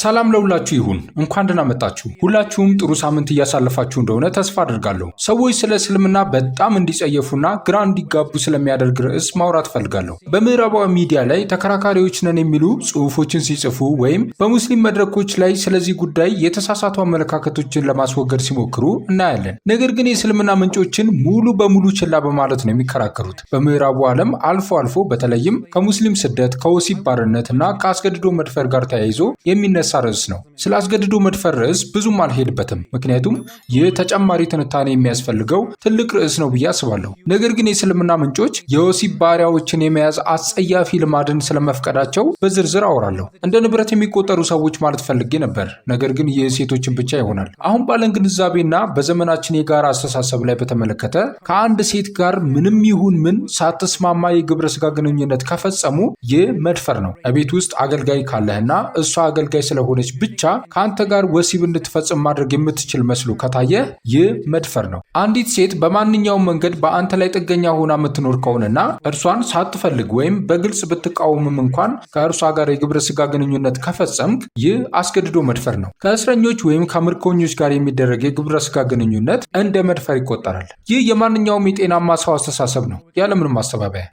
ሰላም ለሁላችሁ ይሁን። እንኳን ደህና መጣችሁ። ሁላችሁም ጥሩ ሳምንት እያሳለፋችሁ እንደሆነ ተስፋ አድርጋለሁ። ሰዎች ስለ እስልምና በጣም እንዲጸየፉና ግራ እንዲጋቡ ስለሚያደርግ ርዕስ ማውራት ፈልጋለሁ። በምዕራባዊ ሚዲያ ላይ ተከራካሪዎች ነን የሚሉ ጽሁፎችን ሲጽፉ ወይም በሙስሊም መድረኮች ላይ ስለዚህ ጉዳይ የተሳሳቱ አመለካከቶችን ለማስወገድ ሲሞክሩ እናያለን። ነገር ግን የእስልምና ምንጮችን ሙሉ በሙሉ ችላ በማለት ነው የሚከራከሩት። በምዕራቡ ዓለም አልፎ አልፎ በተለይም ከሙስሊም ስደት፣ ከወሲብ ባርነት አልባነትና ከአስገድዶ መድፈር ጋር ተያይዞ የሚነሳ ርዕስ ነው። ስለ አስገድዶ መድፈር ርዕስ ብዙም አልሄድበትም፣ ምክንያቱም ይህ ተጨማሪ ትንታኔ የሚያስፈልገው ትልቅ ርዕስ ነው ብዬ አስባለሁ። ነገር ግን የእስልምና ምንጮች የወሲብ ባሪያዎችን የመያዝ አጸያፊ ልማድን ስለመፍቀዳቸው በዝርዝር አወራለሁ። እንደ ንብረት የሚቆጠሩ ሰዎች ማለት ፈልጌ ነበር፣ ነገር ግን ይህ ሴቶችን ብቻ ይሆናል። አሁን ባለን ግንዛቤና በዘመናችን የጋራ አስተሳሰብ ላይ በተመለከተ ከአንድ ሴት ጋር ምንም ይሁን ምን ሳትስማማ የግብረ ስጋ ግንኙነት ከፈጸሙ ይህ መድፈር ነው። በቤት ውስጥ አገልጋይ ካለህና እሷ አገልጋይ ስለሆነች ብቻ ከአንተ ጋር ወሲብ እንድትፈጽም ማድረግ የምትችል መስሎ ከታየ ይህ መድፈር ነው። አንዲት ሴት በማንኛውም መንገድ በአንተ ላይ ጥገኛ ሆና የምትኖር ከሆነና እርሷን ሳትፈልግ ወይም በግልጽ ብትቃወምም እንኳን ከእርሷ ጋር የግብረ ስጋ ግንኙነት ከፈጸምክ ይህ አስገድዶ መድፈር ነው። ከእስረኞች ወይም ከምርኮኞች ጋር የሚደረግ የግብረ ስጋ ግንኙነት እንደ መድፈር ይቆጠራል። ይህ የማንኛውም የጤናማ ሰው አስተሳሰብ ነው፣ ያለምንም አስተባበያ።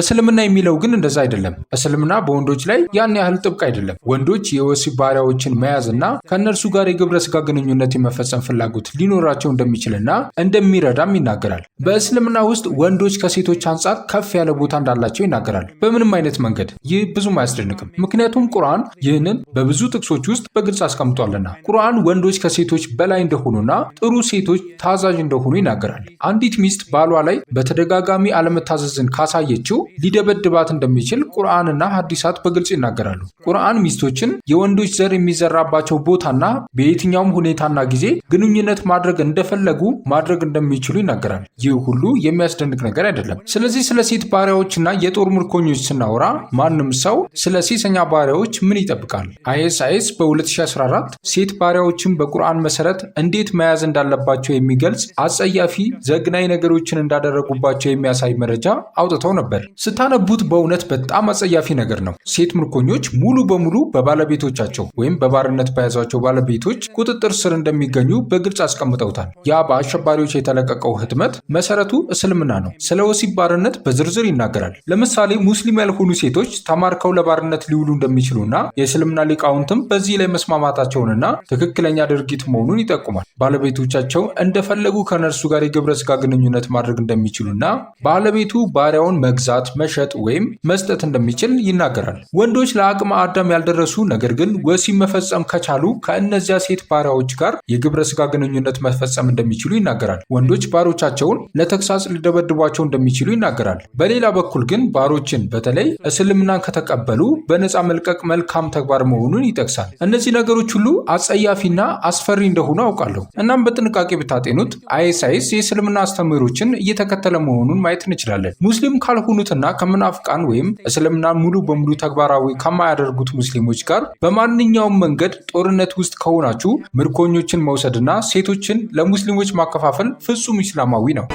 እስልምና የሚለው ግን እንደዛ አይደለም። እስልምና በወንዶች ላይ ያን ያህል ጥብቅ አይደለም። ወንዶች የወሲብ ባሪያዎችን መያዝ እና ከእነርሱ ጋር የግብረ ስጋ ግንኙነት የመፈጸም ፍላጎት ሊኖራቸው እንደሚችልና እንደሚረዳም ይናገራል። በእስልምና ውስጥ ወንዶች ከሴቶች አንጻር ከፍ ያለ ቦታ እንዳላቸው ይናገራል። በምንም አይነት መንገድ ይህ ብዙም አያስደንቅም፣ ምክንያቱም ቁርአን ይህንን በብዙ ጥቅሶች ውስጥ በግልጽ አስቀምጧልና። ቁርአን ወንዶች ከሴቶች በላይ እንደሆኑና ጥሩ ሴቶች ታዛዥ እንደሆኑ ይናገራል። አንዲት ሚስት ባሏ ላይ በተደጋጋ ተደጋጋሚ አለመታዘዝን ካሳየችው ሊደበድባት እንደሚችል ቁርአንና ሀዲሳት በግልጽ ይናገራሉ። ቁርአን ሚስቶችን የወንዶች ዘር የሚዘራባቸው ቦታና በየትኛውም ሁኔታና ጊዜ ግንኙነት ማድረግ እንደፈለጉ ማድረግ እንደሚችሉ ይናገራል። ይህ ሁሉ የሚያስደንቅ ነገር አይደለም። ስለዚህ ስለ ሴት ባሪያዎችና የጦር ምርኮኞች ስናወራ ማንም ሰው ስለ ሴሰኛ ባሪያዎች ምን ይጠብቃል? አይኤስአይኤስ በ2014 ሴት ባሪያዎችን በቁርአን መሰረት እንዴት መያዝ እንዳለባቸው የሚገልጽ አጸያፊ ዘግናኝ ነገሮችን እንዳደረጉባቸው የሚያ የሚያሳይ መረጃ አውጥተው ነበር። ስታነቡት በእውነት በጣም አጸያፊ ነገር ነው። ሴት ምርኮኞች ሙሉ በሙሉ በባለቤቶቻቸው ወይም በባርነት በያዟቸው ባለቤቶች ቁጥጥር ስር እንደሚገኙ በግልጽ አስቀምጠውታል። ያ በአሸባሪዎች የተለቀቀው ህትመት መሰረቱ እስልምና ነው። ስለ ወሲብ ባርነት በዝርዝር ይናገራል። ለምሳሌ ሙስሊም ያልሆኑ ሴቶች ተማርከው ለባርነት ሊውሉ እንደሚችሉና የእስልምና ሊቃውንትም በዚህ ላይ መስማማታቸውንና ትክክለኛ ድርጊት መሆኑን ይጠቁማል። ባለቤቶቻቸው እንደፈለጉ ከነርሱ ጋር የግብረ ስጋ ግንኙነት ማድረግ እንደሚችሉና ባለቤቱ ባሪያውን መግዛት፣ መሸጥ ወይም መስጠት እንደሚችል ይናገራል። ወንዶች ለአቅመ አዳም ያልደረሱ ነገር ግን ወሲብ መፈጸም ከቻሉ ከእነዚያ ሴት ባሪያዎች ጋር የግብረ ስጋ ግንኙነት መፈጸም እንደሚችሉ ይናገራል። ወንዶች ባሮቻቸውን ለተግሳጽ ሊደበድቧቸው እንደሚችሉ ይናገራል። በሌላ በኩል ግን ባሮችን በተለይ እስልምናን ከተቀበሉ በነፃ መልቀቅ መልካም ተግባር መሆኑን ይጠቅሳል። እነዚህ ነገሮች ሁሉ አጸያፊና አስፈሪ እንደሆኑ አውቃለሁ። እናም በጥንቃቄ ብታጤኑት አይኤስ የእስልምና አስተምህሮችን እየተከተለ መሆኑን ማየት እንችላለን። ሙስሊም ካልሆኑትና ከምናፍቃን ወይም እስልምና ሙሉ በሙሉ ተግባራዊ ከማያደርጉት ሙስሊሞች ጋር በማንኛውም መንገድ ጦርነት ውስጥ ከሆናችሁ ምርኮኞችን መውሰድና ሴቶችን ለሙስሊሞች ማከፋፈል ፍጹም ኢስላማዊ ነው።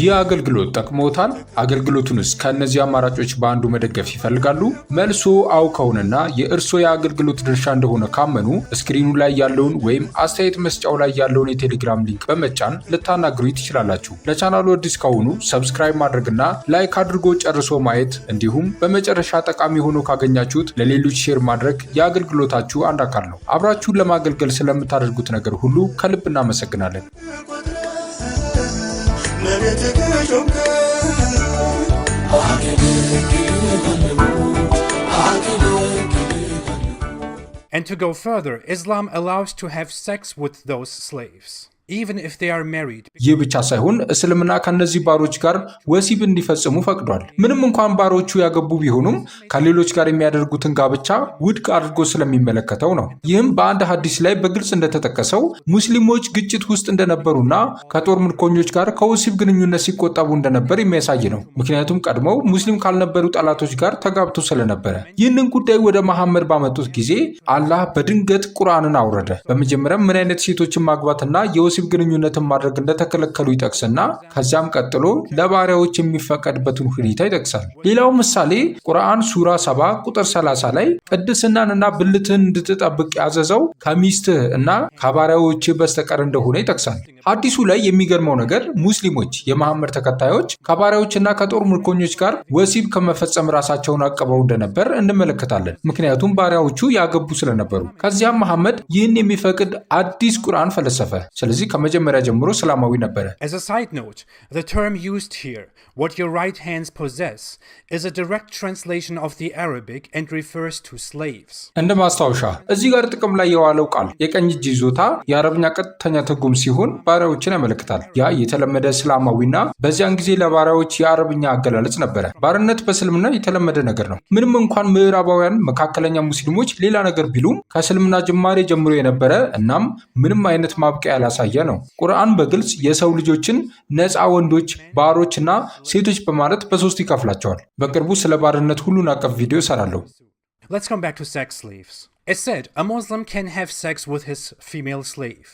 ይህ አገልግሎት ጠቅሞታል? አገልግሎቱንስ ከእነዚህ አማራጮች በአንዱ መደገፍ ይፈልጋሉ? መልሶ አውከውንና ከሆነና የእርስዎ የአገልግሎት ድርሻ እንደሆነ ካመኑ ስክሪኑ ላይ ያለውን ወይም አስተያየት መስጫው ላይ ያለውን የቴሌግራም ሊንክ በመጫን ልታናግሩ ትችላላችሁ። ለቻናሉ አዲስ ከሆኑ ሰብስክራይብ ማድረግና ላይክ አድርጎ ጨርሶ ማየት እንዲሁም በመጨረሻ ጠቃሚ ሆኖ ካገኛችሁት ለሌሎች ሼር ማድረግ የአገልግሎታችሁ አንድ አካል ነው። አብራችሁን ለማገልገል ስለምታደርጉት ነገር ሁሉ ከልብ እናመሰግናለን። And to go further, Islam allows to have sex with those slaves. ይህ ብቻ ሳይሆን እስልምና ከእነዚህ ባሮች ጋር ወሲብ እንዲፈጽሙ ፈቅዷል። ምንም እንኳን ባሮቹ ያገቡ ቢሆኑም ከሌሎች ጋር የሚያደርጉትን ጋብቻ ውድቅ አድርጎ ስለሚመለከተው ነው። ይህም በአንድ ሐዲስ ላይ በግልጽ እንደተጠቀሰው ሙስሊሞች ግጭት ውስጥ እንደነበሩና ከጦር ምርኮኞች ጋር ከወሲብ ግንኙነት ሲቆጠቡ እንደነበር የሚያሳይ ነው። ምክንያቱም ቀድሞው ሙስሊም ካልነበሩ ጠላቶች ጋር ተጋብቶ ስለነበረ። ይህንን ጉዳይ ወደ መሐመድ ባመጡት ጊዜ አላህ በድንገት ቁርአንን አውረደ። በመጀመሪያም ምን አይነት ሴቶችን ማግባትና የወሲብ ወሲብ ግንኙነትን ማድረግ እንደተከለከሉ ይጠቅስና ከዚያም ቀጥሎ ለባሪያዎች የሚፈቀድበትን ሁኔታ ይጠቅሳል። ሌላው ምሳሌ ቁርአን ሱራ 7 ቁጥር 30 ላይ ቅድስናንና ብልትን እንድትጠብቅ ያዘዘው ከሚስትህ እና ከባሪያዎች በስተቀር እንደሆነ ይጠቅሳል። ሐዲሱ ላይ የሚገርመው ነገር ሙስሊሞች የመሐመድ ተከታዮች ከባሪያዎችና ከጦር ምርኮኞች ጋር ወሲብ ከመፈጸም ራሳቸውን አቅበው እንደነበር እንመለከታለን። ምክንያቱም ባሪያዎቹ ያገቡ ስለነበሩ። ከዚያም መሐመድ ይህን የሚፈቅድ አዲስ ቁርአን ፈለሰፈ። ስለዚህ ከመጀመሪያ ጀምሮ ሰላማዊ ነበረ። እንደ ማስታወሻ እዚህ ጋር ጥቅም ላይ የዋለው ቃል የቀኝ እጅ ይዞታ የአረብኛ ቀጥተኛ ትርጉም ሲሆን ባሪያዎችን ያመለክታል። ያ የተለመደ እስላማዊና በዚያን ጊዜ ለባሪያዎች የአረብኛ አገላለጽ ነበረ። ባርነት በእስልምና የተለመደ ነገር ነው። ምንም እንኳን ምዕራባውያን መካከለኛ ሙስሊሞች ሌላ ነገር ቢሉም ከእስልምና ጅማሬ ጀምሮ የነበረ እናም ምንም አይነት ማብቂያ ያላሳየ ነው። ቁርአን በግልጽ የሰው ልጆችን ነፃ ወንዶች፣ ባሮች እና ሴቶች በማለት በሶስት ይከፍላቸዋል። በቅርቡ ስለ ባርነት ሁሉን አቀፍ ቪዲዮ እሰራለሁ። Let's come back to sex slaves. It said a Muslim can have sex with his female slave.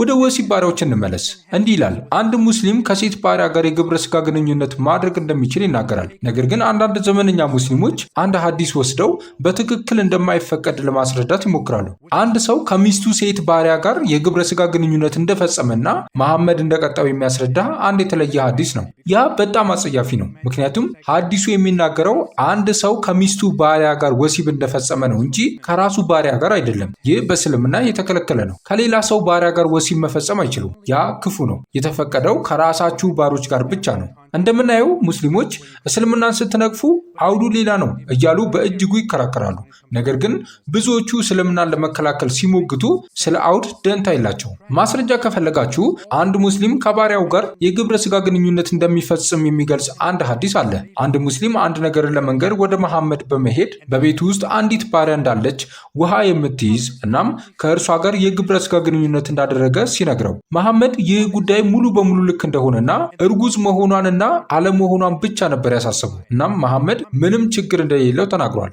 ወደ ወሲብ ባሪያዎች እንመለስ። እንዲህ ይላል፣ አንድ ሙስሊም ከሴት ባሪያ ጋር የግብረ ስጋ ግንኙነት ማድረግ እንደሚችል ይናገራል። ነገር ግን አንዳንድ ዘመነኛ ሙስሊሞች አንድ ሐዲስ ወስደው በትክክል እንደማይፈቀድ ለማስረዳት ይሞክራሉ። አንድ ሰው ከሚስቱ ሴት ባሪያ ጋር የግብረ ስጋ ግንኙነት እንደፈጸመና መሐመድ እንደቀጣው የሚያስረዳ አንድ የተለየ ሐዲስ ነው። ያ በጣም አጸያፊ ነው። ምክንያቱም ሐዲሱ የሚናገረው አንድ ሰው ከሚስቱ ባሪያ ጋር ወሲብ እንደፈጸመ ነው እንጂ ከራሱ ባሪያ ጋር አይደለም። ይህ በእስልምና የተከ የተከለከለ ነው። ከሌላ ሰው ባሪያ ጋር ወሲብ መፈጸም አይችሉም። ያ ክፉ ነው። የተፈቀደው ከራሳችሁ ባሮች ጋር ብቻ ነው። እንደምናየው ሙስሊሞች እስልምናን ስትነቅፉ አውዱ ሌላ ነው እያሉ በእጅጉ ይከራከራሉ። ነገር ግን ብዙዎቹ እስልምናን ለመከላከል ሲሞግቱ ስለ አውድ ደንታ የላቸው። ማስረጃ ከፈለጋችሁ አንድ ሙስሊም ከባሪያው ጋር የግብረ ስጋ ግንኙነት እንደሚፈጽም የሚገልጽ አንድ ሀዲስ አለ። አንድ ሙስሊም አንድ ነገርን ለመንገድ ወደ መሐመድ በመሄድ በቤቱ ውስጥ አንዲት ባሪያ እንዳለች ውሃ የምትይዝ እናም ከእርሷ ጋር የግብረ ስጋ ግንኙነት እንዳደረገ ሲነግረው መሐመድ ይህ ጉዳይ ሙሉ በሙሉ ልክ እንደሆነና እርጉዝ መሆኗንና እና አለመሆኗን ብቻ ነበር ያሳሰቡ። እናም መሐመድ ምንም ችግር እንደሌለው ተናግሯል።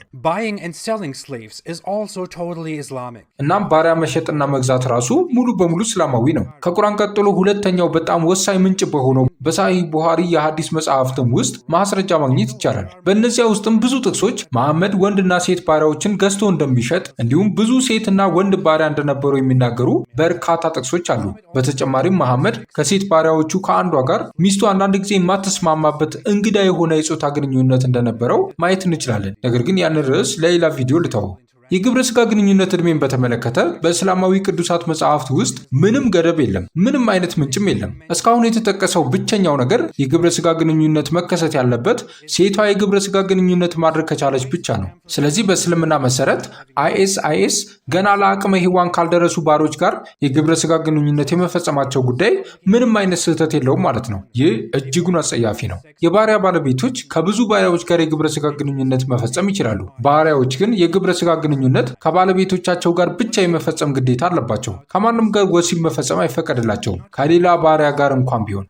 እናም ባሪያ መሸጥና መግዛት ራሱ ሙሉ በሙሉ እስላማዊ ነው። ከቁራን ቀጥሎ ሁለተኛው በጣም ወሳኝ ምንጭ በሆነው በሳሂህ ቡሃሪ የሐዲስ መጽሐፍትም ውስጥ ማስረጃ ማግኘት ይቻላል። በእነዚያ ውስጥም ብዙ ጥቅሶች መሐመድ ወንድና ሴት ባሪያዎችን ገዝቶ እንደሚሸጥ እንዲሁም ብዙ ሴትና ወንድ ባሪያ እንደነበሩ የሚናገሩ በርካታ ጥቅሶች አሉ። በተጨማሪም መሐመድ ከሴት ባሪያዎቹ ከአንዷ ጋር ሚስቱ አንዳንድ ጊዜ የማትስማማበት እንግዳ የሆነ የፆታ ግንኙነት እንደነበረው ማየት እንችላለን። ነገር ግን ያንን ርዕስ ለሌላ ቪዲዮ ልተው። የግብረ ስጋ ግንኙነት እድሜን በተመለከተ በእስላማዊ ቅዱሳት መጽሐፍት ውስጥ ምንም ገደብ የለም፣ ምንም አይነት ምንጭም የለም። እስካሁን የተጠቀሰው ብቸኛው ነገር የግብረ ስጋ ግንኙነት መከሰት ያለበት ሴቷ የግብረ ስጋ ግንኙነት ማድረግ ከቻለች ብቻ ነው። ስለዚህ በእስልምና መሰረት አይኤስ አይኤስ ገና ለአቅመ ሔዋን ካልደረሱ ባሮች ጋር የግብረ ስጋ ግንኙነት የመፈጸማቸው ጉዳይ ምንም አይነት ስህተት የለውም ማለት ነው። ይህ እጅጉን አጸያፊ ነው። የባሪያ ባለቤቶች ከብዙ ባሪያዎች ጋር የግብረ ስጋ ግንኙነት መፈጸም ይችላሉ። ባሪያዎች ግን የግብረ ስጋ ግንኙነት ግንኙነት ከባለቤቶቻቸው ጋር ብቻ የመፈጸም ግዴታ አለባቸው። ከማንም ጋር ወሲብ መፈጸም አይፈቀድላቸውም፣ ከሌላ ባሪያ ጋር እንኳን ቢሆን።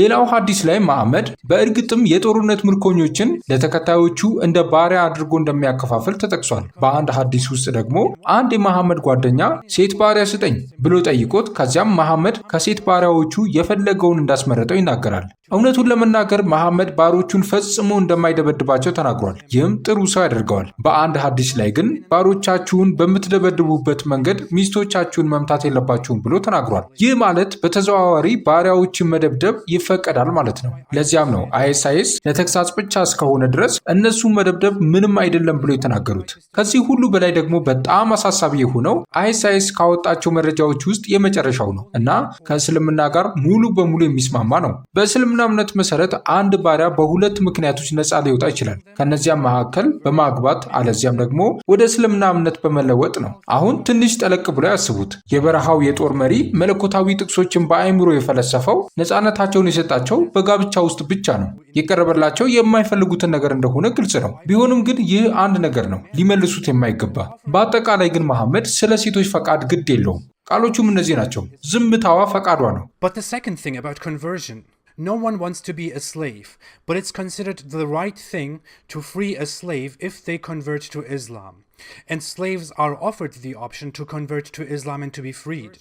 ሌላው ሐዲስ ላይ መሐመድ በእርግጥም የጦርነት ምርኮኞችን ለተከታዮቹ እንደ ባሪያ አድርጎ እንደሚያከፋፍል ተጠቅሷል። በአንድ ሐዲስ ውስጥ ደግሞ አንድ የመሐመድ ጓደኛ ሴት ባሪያ ስጠኝ ብሎ ጠይቆት ከዚያም መሐመድ ከሴት ባሪያዎቹ የፈለገውን እንዳስመረጠው ይናገራል። እውነቱን ለመናገር መሐመድ ባሮቹን ፈጽሞ እንደማይደበድባቸው ተናግሯል። ይህም ጥሩ ሰው ያደርገዋል። በአንድ ሀዲስ ላይ ግን ባሮቻችሁን በምትደበድቡበት መንገድ ሚስቶቻችሁን መምታት የለባችሁም ብሎ ተናግሯል። ይህ ማለት በተዘዋዋሪ ባሪያዎችን መደብደብ ይፈቀዳል ማለት ነው። ለዚያም ነው አይኤስአይኤስ ለተግሳጽ ብቻ እስከሆነ ድረስ እነሱን መደብደብ ምንም አይደለም ብሎ የተናገሩት። ከዚህ ሁሉ በላይ ደግሞ በጣም አሳሳቢ የሆነው አይኤስአይኤስ ካወጣቸው መረጃዎች ውስጥ የመጨረሻው ነው እና ከእስልምና ጋር ሙሉ በሙሉ የሚስማማ ነው። በእስልምና በእስልምና እምነት መሰረት አንድ ባሪያ በሁለት ምክንያቶች ነፃ ሊወጣ ይችላል። ከነዚያም መካከል በማግባት አለዚያም ደግሞ ወደ እስልምና እምነት በመለወጥ ነው። አሁን ትንሽ ጠለቅ ብሎ ያስቡት። የበረሃው የጦር መሪ መለኮታዊ ጥቅሶችን በአእምሮ የፈለሰፈው ነፃነታቸውን የሰጣቸው በጋብቻ ውስጥ ብቻ ነው። የቀረበላቸው የማይፈልጉትን ነገር እንደሆነ ግልጽ ነው። ቢሆንም ግን ይህ አንድ ነገር ነው ሊመልሱት የማይገባ። በአጠቃላይ ግን መሐመድ ስለ ሴቶች ፈቃድ ግድ የለውም። ቃሎቹም እነዚህ ናቸው። ዝምታዋ ፈቃዷ ነው። No one wants to be a slave, but it's considered the right thing to free a slave if they convert to Islam. And slaves are offered the option to convert to Islam and to be freed.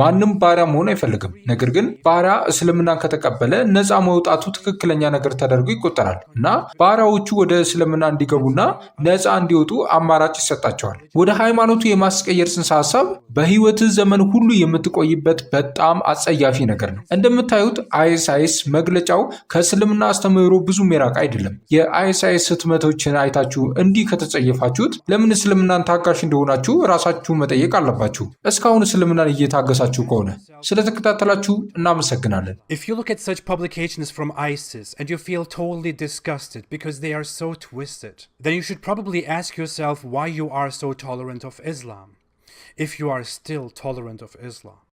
ማንም ባሪያ መሆን አይፈልግም። ነገር ግን ባሪያ እስልምናን ከተቀበለ ነፃ መውጣቱ ትክክለኛ ነገር ተደርጎ ይቆጠራል እና ባሪያዎቹ ወደ እስልምና እንዲገቡና ነፃ እንዲወጡ አማራጭ ይሰጣቸዋል። ወደ ሃይማኖቱ የማስቀየር ጽንሰ ሀሳብ በህይወት ዘመን ሁሉ የምትቆይበት በጣም አጸያፊ ነገር ነው። እንደምታዩት አይኤስአይኤስ መግለጫው ከእስልምና አስተምህሮ ብዙ የራቀ አይደለም። የአይኤስአይኤስ ህትመቶችን አይታችሁ እንዲህ ከተጸየፋችሁት ለምን እስልምናን ታጋሽ እንደሆናችሁ ራሳችሁ መጠየቅ አለባችሁ። እስካሁን እስልምናን እየታገሳ If you look at such publications from ISIS and you feel totally disgusted because they are so twisted, then you should probably ask yourself why you are so tolerant of Islam, if you are still tolerant of Islam.